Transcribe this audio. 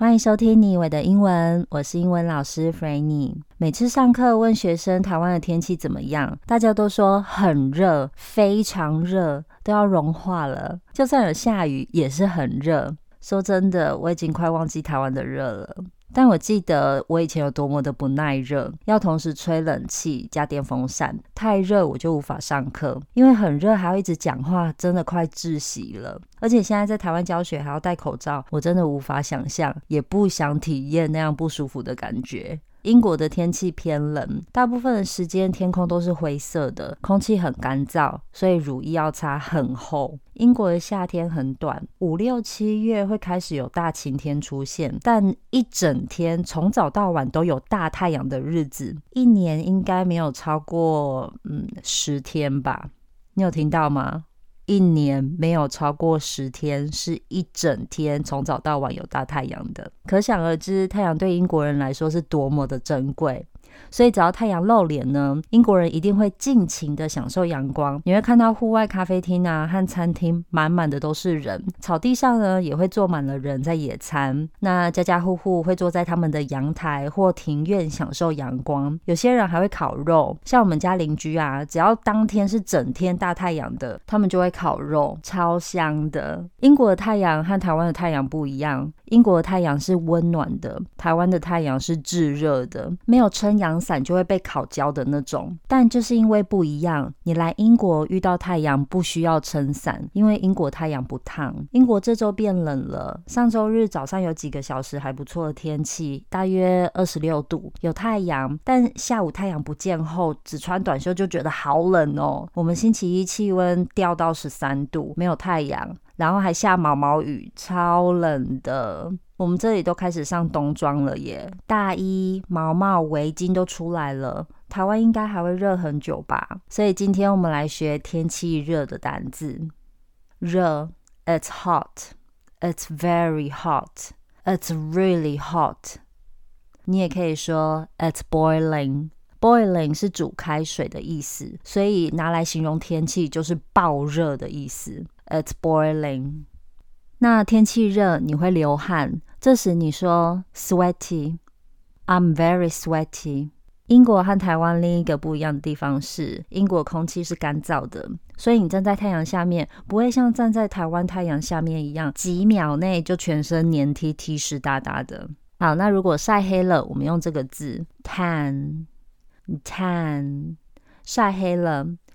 歡迎收聽你我的英文，我是英文老師 Frannie。每次上課問學生台灣的天氣怎麼樣？大家都說很熱，非常熱，都要融化了。就算有下雨，也是很熱。說真的，我已經快忘記台灣的熱了。但我記得我以前有多麼的不耐熱，要同時吹冷氣加電風扇，太熱我就無法上課，因為很熱還要一直講話，真的快窒息了。而且現在在台灣教學還要戴口罩，我真的無法想象，也不想體驗那樣不舒服的感覺。英國的天氣偏冷，大部分的時間天空都是灰色的，空氣很乾燥，所以乳液要擦很厚。英國的夏天很短，五六七月會開始有大晴天出現，但一整天從早到晚都有大太陽的日子，一年應該沒有超過嗯十天吧？你有聽到嗎？一年沒有超過十天，是一整天從早到晚有大太陽的，可想而知，太陽對英國人來說是多麼的珍貴。所以，只要太陽露臉呢，英國人一定會盡情的享受陽光。你會看到戶外咖啡廳啊和餐廳滿滿的都是人，草地上呢也會坐滿了人在野餐。那家家戶戶會坐在他們的陽台或庭院享受陽光。有些人還會烤肉，像我們家鄰居啊，只要當天是整天大太陽的，他們就會烤肉，超香的。英國的太陽和台灣的太陽不一樣。英國的太陽是溫暖的，台灣的太陽是炙熱的，沒有撐陽傘就會被烤焦的那種。但就是因為不一樣，你來英國遇到太陽不需要撐傘，因為英國太陽不燙。英國這週變冷了，上週日早上有幾個小時還不錯的天氣，大約二十六度，有太陽，但下午太陽不見後，只穿短袖就覺得好冷哦。我們星期一氣溫掉到十三度，沒有太陽。然後還下毛毛雨，超冷的。我們這裡都開始上冬裝了耶，大衣、毛毛、圍巾都出來了。台灣應該還會熱很久吧？所以今天我們來學天氣熱的單字。熱，It's hot. It's very hot. It's really hot. 你也可以說 It's boiling. Boiling 是煮開水的意思，所以拿來形容天氣就是爆熱的意思。It's boiling。那天氣熱，你會流汗。這時你說：sweaty。I'm very sweaty。英國和台灣另一個不一樣的地方是，英國空氣是乾燥的，所以你站在太陽下面，不會像站在台灣太陽下面一樣，幾秒內就全身黏踢踢濕噠噠的。好，那如果曬黑了，我們用這個字 tan tan 曬黑了。